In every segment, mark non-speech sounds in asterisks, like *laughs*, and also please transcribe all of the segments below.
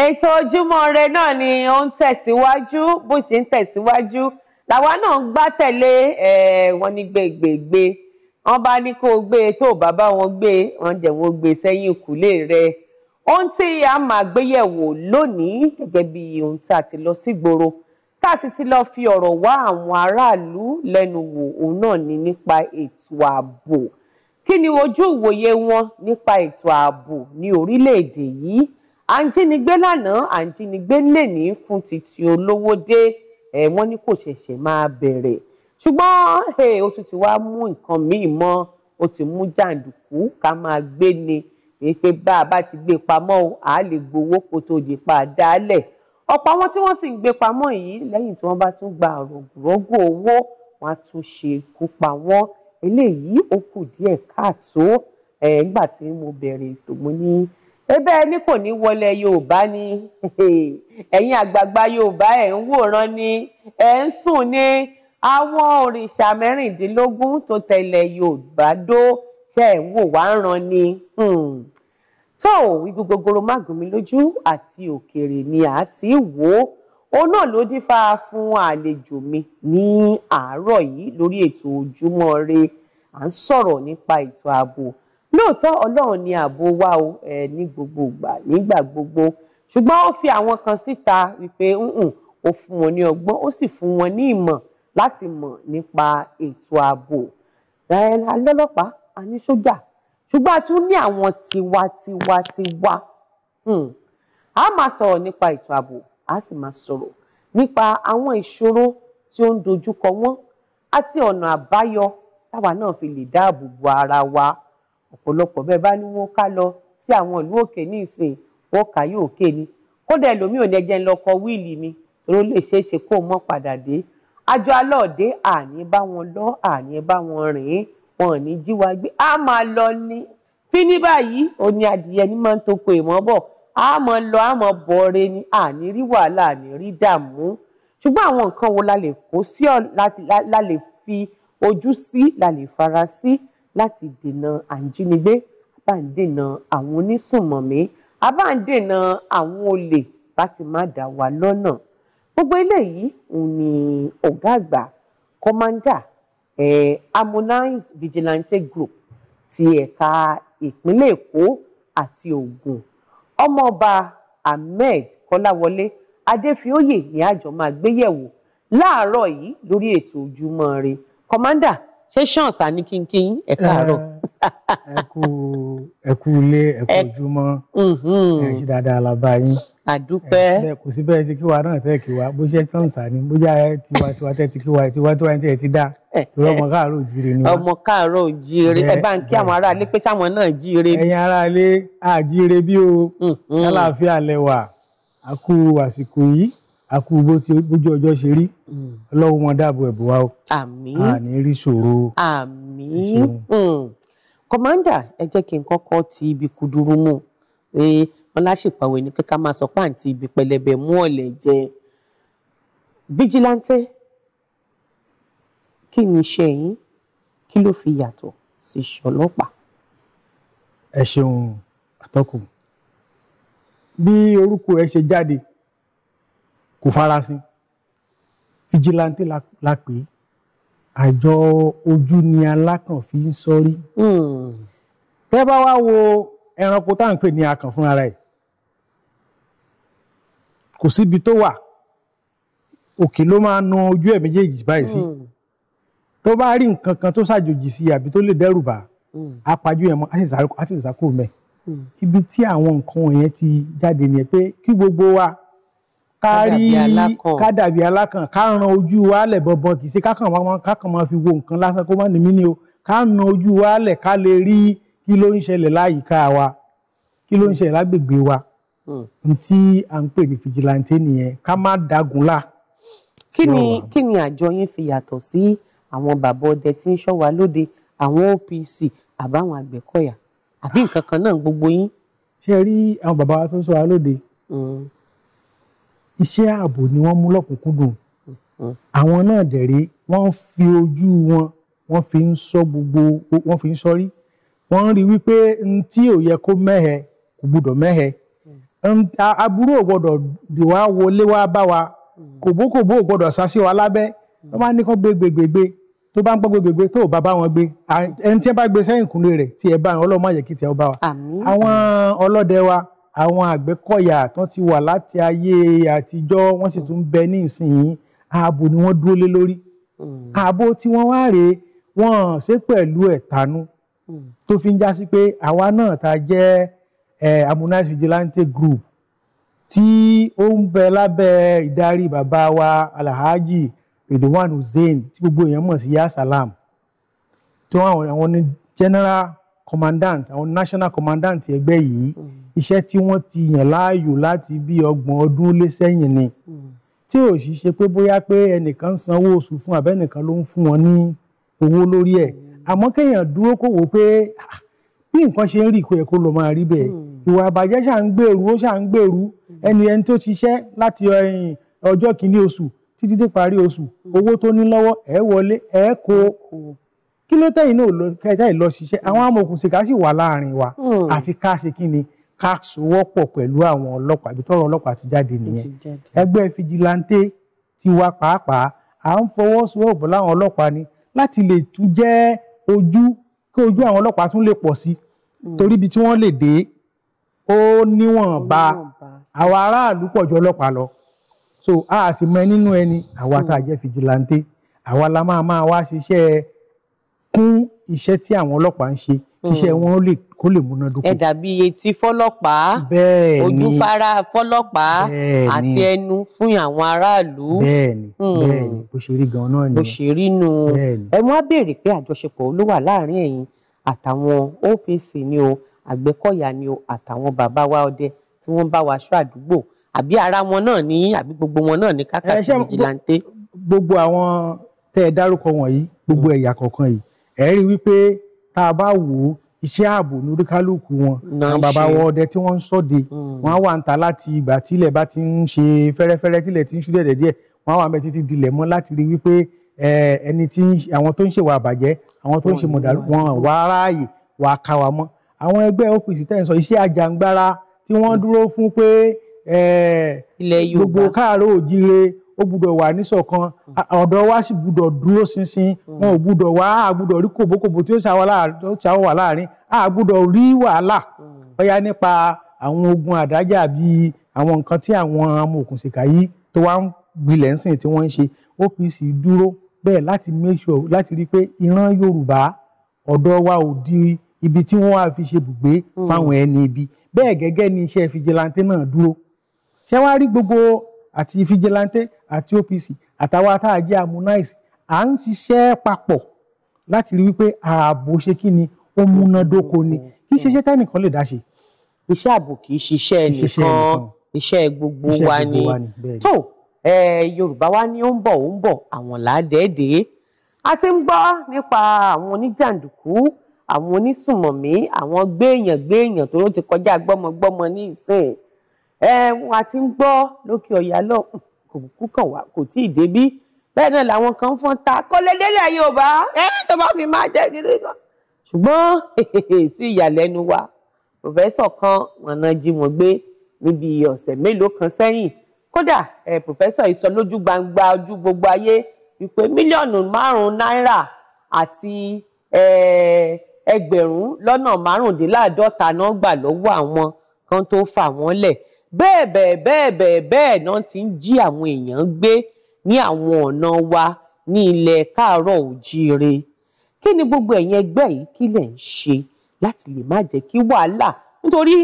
ètò ojúmọ́ rẹ náà ni ó ń tẹ̀síwájú bó ṣe ń tẹ̀síwájú làwa náà ń gbá tẹ̀lé eh, wọn ní gbègbègbè wọn bá ní kó o gbé e tó bàbá wọn gbé e wọn jẹ wọn gbé e sẹ́yìn ìkùlé rẹ ohun tí a máa gbéyẹ̀wò lónìí gẹ́gẹ́ bí ohun tí a ti lọ sígboro tá a sì ti lọ fi ọ̀rọ̀ wá àwọn aráàlú lẹ́nu wò òun náà ni nípa ètò ààbò kí ni ojú ìwòye wọn nípa ètò ààbò ní orílẹ̀ yìí à ń jínigbé lánàá à ń jínigbé lẹ́ni fún títí olówó dé ẹ̀ wọ́n ní kò ṣẹ̀ṣẹ̀ máa bẹ̀rẹ̀ ṣùgbọ́n ó tún ti wá mú nǹkan míì mọ́ ó ti mú jàǹdùkú ká máa gbé ni pé bá a bá ti gbé pamọ́ o à á lè gbowó kó tó di pa dálẹ̀ ọ̀pọ̀ àwọn tí wọ́n sì ń gbé pamọ́ yìí lẹ́yìn tí wọ́n bá tún gba rògbòrògbò owó wọn á tún ṣe ikú pa wọ́n eléyìí ó kù díẹ̀ káàtó nígbà tí mo bẹ̀rẹ̀ ètò mo ní ebe ẹni kò ní wọlé yorùbá ni *laughs* ẹ̀yin àgbààgbà yorùbá ẹ ń wòran ni ẹ ń sùn ni àwọn òrìṣà mẹ́rìndínlógún tó tẹ̀lé yorùbá dó ṣe ń wò wá ń ran ni hmm. tó igun gogoro mágùnmí lójú àti òkèèrè ni à ti wò ó òun náà ló dífá fún àlejò mi ní àárọ̀ yìí lórí ètò ojúmọ́ ire à ń sọ̀rọ̀ nípa ètò ààbò lóòótọ́ ọlọ́run ni ààbò wa o ní gbogbo ìgbà nígbà gbogbo ṣùgbọ́n ó fi àwọn kan síta wípé ó fún wọn ní ọgbọ́n ó sì fún wọn ní ìmọ̀ láti mọ̀ nípa ètò ààbò alọ́lọ́pàá a ní sójà ṣùgbọ́n a tún ní àwọn tiwa tiwa hmm. tiwa a máa sọ̀rọ̀ nípa ètò ààbò a sì máa sọ̀rọ̀ nípa àwọn ìṣòro tí ó ń dojúkọ wọn àti ọ̀nà àbáyọ táwa náà fi lè dáàbò bo ara wa ọ̀pọ̀lọpọ̀ bẹ́ẹ̀ bá ní wọ́n ká lọ sí àwọn ìlú òkè ní ìsìn wọ́n kà yóò ké ni kódà ẹlòmíì ò ní ẹjẹ́ ń lọ kọ wíìlì mi ló lè ṣeé ṣe kó mọ́ padà dé àjọ alọ́ọ̀dé àní bá wọn lọ àní bá wọn rìn wọn ní jí gbé a máa lọ ni fi ní báyìí ó ní adìyẹ ní máa ń tó pe ìmọ̀ bọ̀ a máa lọ a máa bọ̀ ni àní rí wàhálà àní rí dààmú ṣùgbọ́n àwọn nǹkan wo la lè kó sí ọ̀ la lè fi ojú sí la lè fara sí. Si láti dènà àjínigbé bá ń dènà àwọn onísùnmọ̀mí a bá ń dènà àwọn olè láti má dá wa lọ́nà gbogbo eléyìí òun ni ọ̀gá àgbà kọ́mándà harmonize vigilante group ti ẹ̀ka ìpínlẹ̀ èkó àti ògùn ọmọọba ahmed kọ́láwọlé adéfioyè ni àjọ máa gbéyẹ̀wò láàárọ̀ yìí lórí ètò ojúmọ́ ire kọ́mándà ṣé ṣàǹsà ní kínkín ẹ káàárọ̀. ẹ kú ẹ kú ilé ẹ kú ojúmọ́ mhm. ẹ ṣe dáadáa alábá yín. àdúpẹ́ ẹ kò sí bẹ́ẹ̀ ṣe kí wa náà tẹ́ kí wa bó ṣe ṣàǹsà ni bó jẹ́ tiwa tiwa tẹ́ ti kí wa tiwa tiwa tẹ́ ti dá torí ọmọ káàárọ̀ òjíire ni wa. ọmọ káàárọ̀ òjíire ẹ bá ń kí àwọn aráalé pé táwọn náà jíire. ẹ̀yin aráalé àjíire bí o kálàáfíà mhm. lẹwà a kú àsìkò yìí akú bó ti bójú ọjọ́ ṣe rí mm. ọlọ́run wọn dáàbò ẹ̀bùn wa o àmín àní rí ṣòro àmín kọmáńdà mm. ẹ jẹ́ kí n kọ́kọ́ ti ibi kúdúrú mú wọn láṣìpàwé ní kíkà máa sọ pàǹtí ibi pẹlẹbẹ mú ọ̀lẹ̀ jẹ fíjìláńtẹ́ kí ni iṣẹ́ yín kí ló fi yàtọ̀ sí iṣẹ́ ọlọ́pàá. ẹ ṣeun àtọkùn bí orúkọ ẹ ṣe jáde kò farasin fijilantí la, la pè é àjọ ojú ni alákàn fi ń sọrí. Hmm. tẹ́ bá wá wo ẹranko tá à ń pè ní akàn fúnra rẹ̀ kò síbi tó wà òkè ló máa na ojú ẹ̀ méjèèjì báyìí sí hmm. tó bá rí nǹkan kan tó ṣàjòjì sí àbí tó lè dẹ́rù bá hmm. apájú ẹ̀ mọ́ á sì sàkó ibi tí àwọn nǹkan wọ̀nyẹn ti jáde nìyẹn pé kí gbogbo wa ká rí ká dàbí alákàn ká ran ojú wa lẹ̀ bọ̀bọ̀n kì í ṣe kákan kákan máa fi wo nǹkan lásán kó má ní ni o ká na ojú wa lẹ̀ ká lè rí kí ló ń ṣẹlẹ̀ láyìíká wa kí ló ń ṣẹlẹ̀ lágbègbè wa hmm. ntí à ń pè ní fìjìláńtẹ́ nìyẹn ká má dagun lá. kí ni kí ni àjọ yín fi yàtọ̀ sí àwọn bàbá ọdẹ tí ń ṣọ́ wa lóde àwọn OPC àbáwọn àgbẹ̀kọ̀yà àbí nǹkan kan náà gbogbo yín. ṣé rí àwọn bàbá wa tó ń ṣọ́ lóde hmm iṣẹ́ ààbò ni wọ́n mú lọ́kùnkúndùn àwọn náà dẹ̀rẹ́ wọ́n fi ojú wọn wọ́n fi ń sọ gbogbo wọ́n fi ń sọrí wọ́n rí wípé n tí ò yẹ kó mẹ́hẹ kò gbúdọ̀ mẹ́hẹ aburú ò gbọdọ̀ dì wá wọlé wá bá wa kòbókòbó ò gbọdọ̀ sá sí wa lábẹ́ wọ́n bá ní kán gbé gbègbègbè tó bá ń gbọ́ gbègbègbè tó bá bá wọn gbé ẹni tí ẹ bá gbé sẹ́yìn kúnlé rẹ̀ tí ẹ bá wọn ọlọ́mọ àyẹ̀kí tí ẹ bá wa àwọn ọlọ́dẹ wa àwọn àgbẹ̀kọ̀yà tán ti wà láti ayé àtijọ́ wọ́n sì tún bẹ ní ìsinyìí ààbò ni wọ́n dúró lé lórí hmm. ààbò tí wọ́n wá rèé wọ́n ṣe pẹ̀lú ẹ̀tanú hmm. tó fi ń já sí pé àwa náà ta jẹ́ Harmonize Vigilante Group tí ó ń bẹ lábẹ́ ìdarí bàbá wa Alhaji Ridwan Hussein tí gbogbo èèyàn mọ̀ sí Yasalam tí wọ́n àwọn ní general commandant àwọn national commandant ẹgbẹ́ yìí hmm. iṣẹ́ tí wọ́n ti yàn láàyò láti bí ọgbọ̀n ọdún lé sẹ́yìn ni hmm. tí ò sì ṣe pé bóyá pé ẹnìkan sanwó oṣù fún abẹ́nìkan ló ń fún wọn ní owó lórí ẹ̀ hmm. àmọ́ kéèyàn dúró kó wò pé ah, bí nǹkan ṣe ń rí kó yẹ kó lọ máa rí bẹ́ẹ̀ ìwà àbàjẹ́ ṣà ń gbèrú ó ṣà ń gbèrú ẹni ẹni tó ṣiṣẹ́ láti eh, ọjọ́ kìíní oṣù títí dé parí oṣù owó tó ní lọ́wọ́ ẹ̀ wọlé ẹ̀ kó kí ló tẹ̀yìn náà lọ kẹta ìlọ ṣiṣẹ́ àwọn amòkùn ṣìkà sì wà láàrin wa hmm. àfi ká ṣe kí ni ká sowọ́pọ̀ pẹ̀lú àwọn ọlọ́pàá ibi tọ́rọ̀ ọlọ́pàá ti jáde nìyẹn ẹgbẹ́ fijilanté ti wá pàápàá à ń fọwọ́sowọ́pọ̀ láwọn ọlọ́pàá ni láti lè tún jẹ́ ojú kí ojú àwọn ọlọ́pàá tún lè pọ̀ sí hmm. torí ibi tí wọ́n lè dé ó níwọ̀nba àwọn aráàlú pọ̀ ju ọlọ́pàá lọ so a sì mọ nínú ẹni àwa hmm. tá a jẹ́ fijilanté àwa la máa máa wá ṣiṣẹ́ kún iṣẹ́ tí àwọn ọlọ́pàá ń ṣe hmm. iṣẹ́ wọn lè kó lè múnádóko. ẹ dàbí etí fọ́lọ́pàá ojú fara fọ́lọ́pàá àti ẹnu fún àwọn aráàlú. bẹ́ẹ̀ni hmm. bẹ́ẹ̀ni bó ṣe rí ganan náà nìyẹn. bó ṣe rí nu ẹ wọn á béèrè pé àjọṣepọ̀ ló wà láàrin ẹ̀yin àtàwọn OPC ni o Àgbẹ̀kọ̀yà ni o àtàwọn bàbá wa ọdẹ tí wọ́n bá wa aṣọ àdúgbò àbí ara wọn náà ní àbí gbogbo wọn náà ní kákàtà vigilante. gbogbo àwọn tẹ́ ẹ dárúkọ wọ̀nyí gbogbo ẹ̀yà kọ̀ọ̀kan yìí ẹ rí wípé tá a bá wò ó iṣẹ́ ààbò lóríkálùkù wọn àwọn bàbá wọn ọdẹ tí wọ́n ń ṣọdẹ hmm. wọ́n á wà ń ta láti ìgbà tílẹ̀ bá ti ń ṣe fẹ́rẹ́fẹ́rẹ́ tílẹ̀ ti ń ṣú dẹ̀dẹ̀ díẹ̀ wọ́n á wà ń bẹ títí dilẹ̀ mọ́ láti rí wípé ẹni tí àwọn tó ń ṣèwà àbàjẹ́ àwọn tó ń ṣe mọ̀dàlú wọn wà á ráàyè wà á ká wa mọ́ àwọn ẹgbẹ́ OPC tẹ́ sọ iṣẹ́ àjàngbara tí wọ́n hmm. dúró fún pé gbogbo káàárọ̀ òjíire ó gbúdọ̀ wà níṣọ̀kan hmm. ọ̀dọ́ wa sì gbúdọ̀ dúró ṣinṣin hmm. wọn ò gbúdọ̀ wá a gbúdọ̀ rí kòbókòbó tí ó ṣàwọ̀ wà láàrin a gbúdọ̀ rí wàhálà hmm. bóyá nípa àwọn ogun àdájà bíi àwọn nǹkan tí àwọn amòòkùnṣìkà yìí tó wá ń gbilẹ̀ ń sìn tí wọ́n ń ṣe OPC dúró bẹ́ẹ̀ láti make sure láti rí i pé ìran Yorùbá ọ̀dọ́ wa ò di ibi tí wọ́n á fi ṣe bùgbé fáwọn ẹni ibi bẹ́ẹ̀ gẹ́gẹ́ ni iṣẹ́ fìjìláńtẹ́ náà dúró ṣé wàá rí gbogbo àti fijilantẹ àti OPC àtàwọn tá a jẹ́ amunáìsì à ń ṣiṣẹ́ papọ̀ láti rí wípé ààbò ṣe kí ni ó múnádóko ni kì í ṣe iṣẹ́ tẹ́nìkan lè dá ṣe. iṣẹ́ ààbò kì í ṣiṣẹ́ nìkan iṣẹ́ gbogbo wa ni tó Yorùbá wa ni ó ń bọ̀ ó ń bọ̀ àwọn làádẹ́ẹ̀dẹ́ a ti ń gbọ́ nípa àwọn oníjàǹdùkú àwọn onísùmọ̀mí àwọn gbéèyàn gbéèyàn tó ló ti kọjá gbọ́mọgbọ́mọ ní ìsìn ẹ wà tí ń gbọ́ lókè ọ̀yà lọ kò kú kàn wá kò tí ì débí bẹ́ẹ̀ náà làwọn kan fọ́n ta kọ́lédélẹ̀ Yorùbá ẹ tó bá fi máa jẹ́ gidi kan ṣùgbọ́n *laughs* sí ìyàlẹ́nu wa pòfẹ́sọ̀ kan wọn náà jí wọn gbé níbi ọ̀sẹ̀ mélòó kan sẹ́yìn kódà ẹ pòfẹ́sọ̀ yìí sọ lójú gbangba ojú gbogbo ayé wípé mílíọ̀nù márùn-ún náírà àti ẹgbẹ̀rún lọ́nà márùndínláàádọ́ta náà gbà lọ́wọ́ àwọn kan tó fà wọ́n lẹ̀ bẹ́ẹ̀ bẹ́ẹ̀ bẹ́ẹ̀ bẹ́ẹ̀ bẹ́ẹ̀ náà ti ń jí àwọn èèyàn gbé ní àwọn ọ̀nà wa ní ilẹ̀ káàárọ̀ òjíire kí ni gbogbo ẹ̀yin ẹgbẹ́ yìí kí lẹ̀ ń ṣe láti lè má jẹ́ kí wàhálà nítorí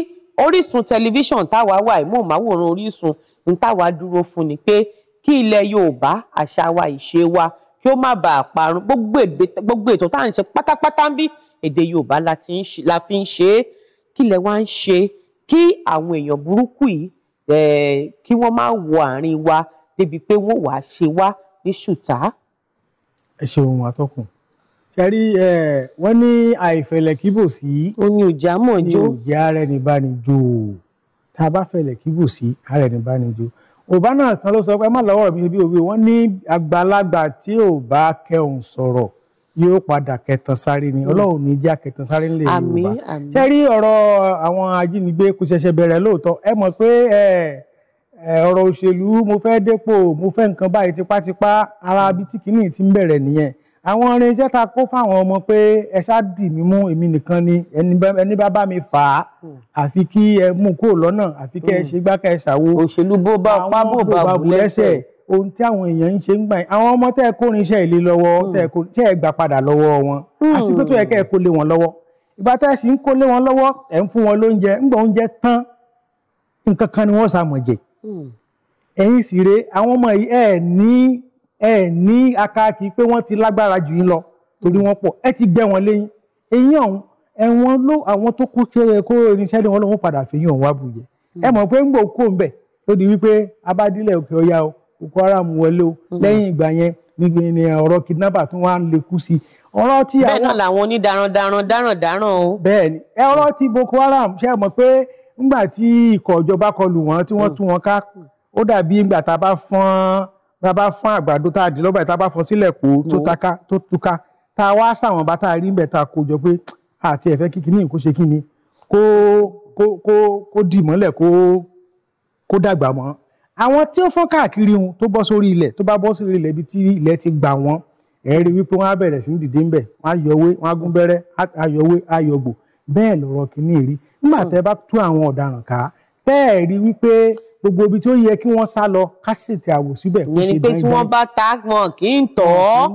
Orísun tẹlifíṣàn táwa wà ìmọ̀ọ́máwòrán Orísun ní táwa dúró fún ni pé kí ilẹ̀ Yorùbá àṣà wa ìṣe wa kí ó má bàa parun gbogbo ètò tá à ń ṣe pátápátá ń bí èdè Yorùbá la fi ń ṣe kí lẹ̀ wá ń ṣe kí àwọn èèyàn burúkú yìí eh, kí wọ́n má wọ àárín wa débi pé wọ́n wàá ṣe wá ní ṣùtá. ẹ ṣeun atọ́kùn ṣẹ́rí eh, wọ́n ní àìfẹ̀lẹ̀ kí bò sí. omi òjá mọ̀ jó. ní òjá ara ẹni bá ní jó o tá a bá fẹ̀lẹ̀ kí sí ara ní jó. òbá náà kan ló sọ pé má lọ́wọ́ mi bí òwe wọ́n ní àgbàlagbà tí ò bá kẹun sọ̀rọ̀ yóò padà kẹtàn sáré ni hmm. ọlọ́run ní já kẹtàn sáré nílẹ̀ yorùbá ṣe rí ọ̀rọ̀ àwọn ajínigbé kò ṣẹ̀ṣẹ̀ bẹ̀rẹ̀ lóòótọ́ ẹ mọ̀ pé ọ̀rọ̀ òṣèlú mo fẹ́ dépò mo fẹ́ nǹkan báyìí tipátipá ara bí tí kìíní ti ń bẹ̀rẹ̀ nìyẹn àwọn irinṣẹ́ ta kó fáwọn ọmọ pé ẹ ṣáà dì mí mú èmi nìkan ni ẹni bá bá mi fà á hmm. àfi kí ẹ mú kúrò lọ́nà àfi kí ẹ hmm. ṣe gbá kẹ òṣèlú bó bá pa lẹ́sẹ̀ ohun tí àwọn èèyàn ń ṣe ń gbà yín àwọn ọmọ tẹ́ ẹ kórin iṣẹ́ ìlé lọ́wọ́ hmm. tẹ́ ẹ kórin iṣẹ́ ẹ gbà padà lọ́wọ́ wọn hmm. àsìkò tó yẹ kẹ́ ẹ kó lé wọn lọ́wọ́ ìgbà tẹ́ ẹ sì ń kó lé wọn lọ́wọ́ ẹ̀ ń fún wọn lóúnjẹ ń gbọ́ oúnjẹ tán nǹkan kan ni wọ́n sàmọ̀ jẹ hmm. ẹ̀yin sì rèé àwọn ọmọ yìí ẹ̀ ní ẹ̀ ní akáàkì pé wọ́n ti lágbára jù yín lọ torí wọ́n pọ̀ ẹ ti gbẹ́ wọn lẹ́yìn eyín ọ̀hún ẹ̀wọ̀n ló àwọn tó kó kó irinṣẹ́ ni wọ́n lòun padà fi yín òun wá bùjẹ́ ẹ mọ̀ pé ń gbò kó ń bẹ̀ ó di wípé Boko Haram wọlé o mm-hmm. lẹ́yìn ìgbà yẹn ní ọ̀rọ̀ kidnapper tí wọ́n á lè kú sí i ọ̀rọ̀ tí àwọn bẹ́ẹ̀ náà làwọn onídarandaran darandaran o. bẹ́ẹ̀ ni ẹ ọ̀rọ̀ tí Boko Haram ṣe mọ̀ pé ńgbà tí ikọ̀ ìjọba kọlù wọ́n tí wọ́n mm. tú wọn ká ó dàbí ńgbà tá a bá fọ́n tá a bá fọ́n àgbàdo tá a dì lọ́gbà tá a bá fọ́n sílẹ̀ kó tó mm. taka tó túká tá a wá sàwọn bá tá a rí ńbẹ̀ tá a kó jọ pé àti ẹ̀fẹ́ kíkí ní nǹkan ṣe kí ni kó kó kó kó dì mọ́lẹ̀ kó kó dàgbà mọ́ àwọn tí ó fọ́n káàkiri wọn tó bọ́ sórí ilẹ̀ tó bá bọ́ sórí ilẹ̀ ibi tí ilẹ̀ ti gbà wọ́n ẹ̀ rí wípé wọ́n á bẹ̀rẹ̀ sí ní dìde ńbẹ̀ wọ́n á yọwé wọ́n á gún bẹ́rẹ́ ayọ̀wé ayọ̀gbò bẹ́ẹ̀ lọ̀rọ̀ kìíní rí nígbà hmm. tẹ́ bá tú àwọn ọ̀daràn ká tẹ́ ẹ̀ wípé gbogbo ibi tó yẹ kí wọ́n sá lọ ká ṣètì àwò síbẹ̀. ìyẹn ni pé tí wọ́n bá ta wọn kì í tọ̀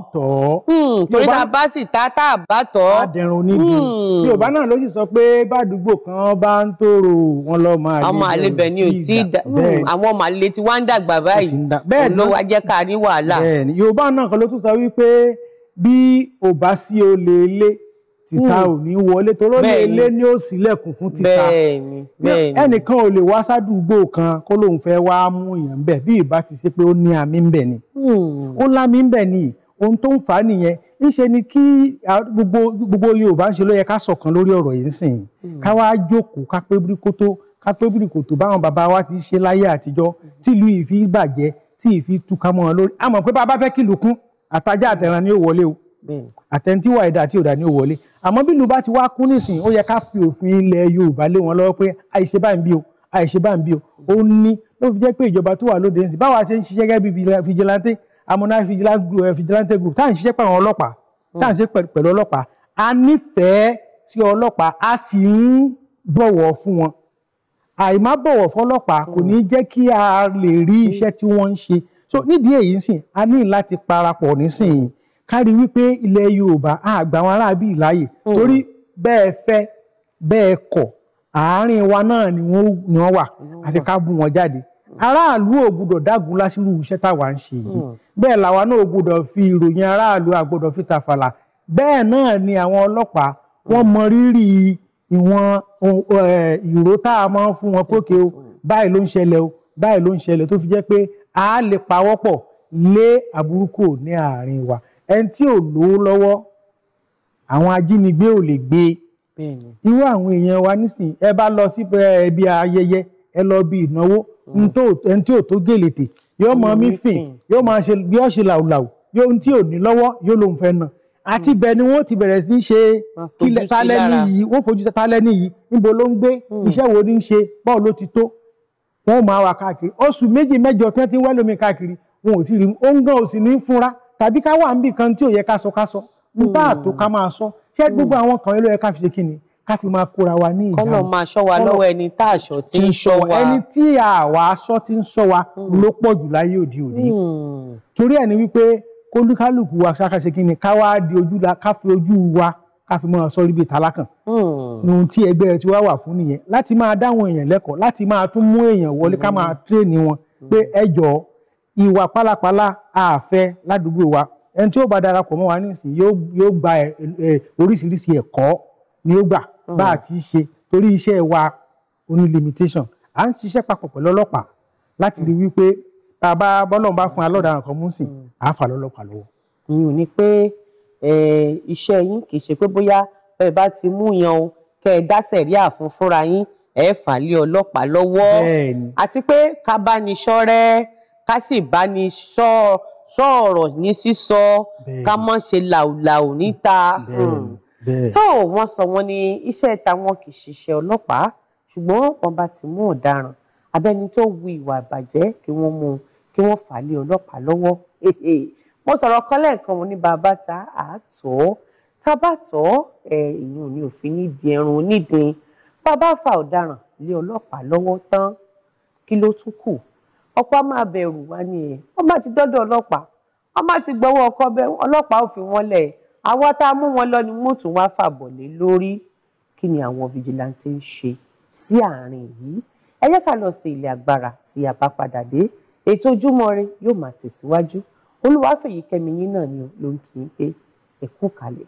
hmm, torí tá a bá sì ta tá a bá tọ̀ ọ́. adẹrun níbi hmm. yorùbá náà ló sì sọ pé bàdúgbò kan bá ń tòrò wọn lọ máa lè ọmọ àlè bẹ̀ ni ò tí hmm, àwọn ọmọ àlè tí wọ́n ń dàgbà báyìí ló wá ní wàhálà. yorùbá náà kan ló tún sọ wípé bí ò sí olè ilé títà hmm. ò ní wọlé toró ní ilé ni ó ṣílẹ̀kùn fún títà ẹnìkan ò lè wá sádùúgbò kan kó lóun fẹ́ wá mú èèyàn bẹ̀ bí ìbá ti ṣe pé ó ní àmì ń bẹ ni hmm. ó lámì ń bẹ ni ohun tó ń fà á nìyẹn ńṣe ni kí gbogbo gbogbo Yorùbá ń ṣe ló yẹ ká ṣọ̀kan lórí ọ̀rọ̀ yìí ńsìn hmm. ká wá jókòó ká pé bíríkótó ká pé bíríkótó báwọn bàbá wa ti ṣe láyé àtijọ́ tìlú ìfi bàjẹ́ tí ìfi túká lórí àmọ́ pé bàbá fẹ́ kìlù àtajà àtẹ̀ràn ni ó wọlé o àtẹ̀ntí wà ẹ̀dá àti òdà ní òwọlé àmọ́ bí ìlú bá ti wá kún nísìn ó yẹ ká fi òfin ilẹ̀ Yorùbá lé wọn lọ́wọ́ pé àìṣe bá ń bí o àìṣe bá ń bí o ó ní ló fi jẹ́ pé ìjọba tó wà lóde ńsìn báwa ṣe ń ṣiṣẹ́ gẹ́gẹ́ bí fìjìláńtẹ́ amúná fìjìláńtẹ́ group eh, táà ń ṣiṣẹ́ pẹ̀lú ọlọ́pàá táà ń ṣe pẹ̀lú ọlọ́pàá a nífẹ̀ẹ́ sí ọlọ́pàá a sì ń bọ̀wọ̀ fún wọn àìmá bọ̀wọ̀ fọlọ́pàá kò ní jẹ́ kí a lè rí iṣẹ́ tí wọ́n ń ṣe so nídìí èyí ń a ní láti parapọ̀ nísìnyí kárí wípé ilẹ̀ Yorùbá àgbà wọn aráàbí láàyè oh. torí bẹ́ẹ̀ fẹ́ bẹ́ẹ̀ kọ̀ àárín wa náà ni wọ́n wà àfi ká bú wọn jáde hmm. aráàlú ò gbúdọ̀ dágun lásìrò iṣẹ́ táwa ń ṣe yìí hmm. bẹ́ẹ̀ làwa náà ò gbúdọ̀ fi ìròyìn aráàlú a fi tàfàlà bẹ́ẹ̀ náà ni àwọn ọlọ́pàá wọ́n hmm. mọ rírì ìwọ̀n eh, ìró tá a máa ń fún wọn pókè o báyìí ló ń ṣẹlẹ̀ o báyìí ló ń ṣẹlẹ̀ tó fi jẹ́ pé a lè pawọ́pọ̀ lé àbúrúkọ ní àárín wa ẹni tí ò lówó lọ́wọ́ àwọn ajínigbé ò lè gbé irú àwọn èèyàn wa nísìn ẹ bá lọ sí ẹbí ayẹyẹ ẹ lọ bí ìnáwó mm. ẹni tí ò tó gèlè tè yóò mọ mí mm. fìn yóò máa ṣe bí ó ṣe làwùlàwù yóò tí ò ní lọ́wọ́ yóò lòun fẹ́ nà àti mm. bẹ̀ ni wọ́n ti bẹ̀rẹ̀ sí ṣe kílẹ̀ tálẹ́ni yìí wọ́n fojú tálẹ́ni yìí níbo ló ń gbé iṣẹ́ wo ni ń ṣe báwo ló ti tó wọ́n máa wà káàkiri oṣù méjì mẹ́jọ tí wọ́n ti wẹ́lómi káàkiri wọn ò tí ì rí ó ń gan òsì ní fúnra tàbí ká wà níbì kan tí ò yẹ ká sọ ká sọ nípa àtò ká máa sọ ṣé hmm. gbogbo àwọn kan ló yẹ ká fi ṣe kí ni ká fi máa kóra wa ní ìdáhùn kọ́nà máa ṣọ́ wa lọ́wọ́ ẹni tá aṣọ tí ń ṣọ́ wa ẹni tí àwa aṣọ tí ń ṣọ́ wa ló pọ̀ jù láyé òde òní hmm. torí ẹ̀ ni wípé kólúkálùkù wa ṣàkàṣe kí ni ká wá di ojú la ká fi ojú wa ká fi máa sọ rí tálákàn hmm. ohun tí ẹgbẹ́ rẹ ti wá wà fún nìyẹn láti máa dáwọn èèyàn lẹ́kọ̀ọ́ láti máa tún mú èèyàn wọlé ká máa tréènì wọn pé ẹ jọ̀ọ́ ìwà pálapàla àfẹ́ ládùúgbò wa ẹni tí ó bá darapọ̀ mọ́ wa nísìn yóò gba oríṣiríṣi ẹ̀kọ́ ni ó gbà hmm. bá a ti ṣe torí iṣẹ́ wa ó limitation à ń ṣiṣẹ́ papọ̀ pẹ̀lú ọlọ́pàá láti rí wípé bàbá bọ́lọ́run bá fún alọ́daràn kan mú sìn àá hmm. fà lọ́lọ́pàá lọ́wọ́. ìyún ni pé iṣẹ́ yín kì í ṣe pé bóyá bẹ́ẹ̀ bá ti mú yan o kẹ́ ẹ dá sẹ̀ríà fún fúnra yín ẹ fà lé ọlọ́pàá lọ́wọ́ àti pé ká ká sì bá ní sọ̀rọ̀ ní sísọ ká mọ́ ṣe làwùlàwù níta tó hmm. wọ́n sọ wọ́n ní iṣẹ́ táwọn kì í ṣiṣẹ́ ọlọ́pàá ṣùgbọ́n wọ́n bá ti mú ọ̀daràn abẹ́ni tó wu ìwà ìbàjẹ́ kí wọ́n mú un kí wọ́n fà lé ọlọ́pàá lọ́wọ́ *laughs* mo sọ̀rọ̀ kan lẹ́ẹ̀kan mo ní bàbá ta àtọ̀ tá a bá tọ̀ ni òfin ní di ẹrun onídìí bàbá fa ọ̀daràn lé ọlọ́pàá lọ́wọ́ tán kí ló tún kù ọ̀pọ̀ á máa bẹ̀rù wá ni ẹ̀ wọ́n bá ti dọ́dọ̀ ọlọ́pàá wọ́n bá ti gbọ́wọ́ ọkọ bẹ́ẹ̀ ọlọ́pàá ò fi wọ́n lẹ̀ àwa tá a mú wọn lọ ni wọ́n tún wá fàbọ̀ lé lórí kí ni àwọn fìjìláńtẹ́ ń ṣe sí àárín yìí ẹ jẹ́ ká lọ sí ilé agbára tí a bá padà dé ètò Ojúmọ́ Ire yóò máa tẹ̀síwájú Olúwafẹ́yìkẹ́mi yín náà ni ló ń kí n pé ẹ kalẹ̀.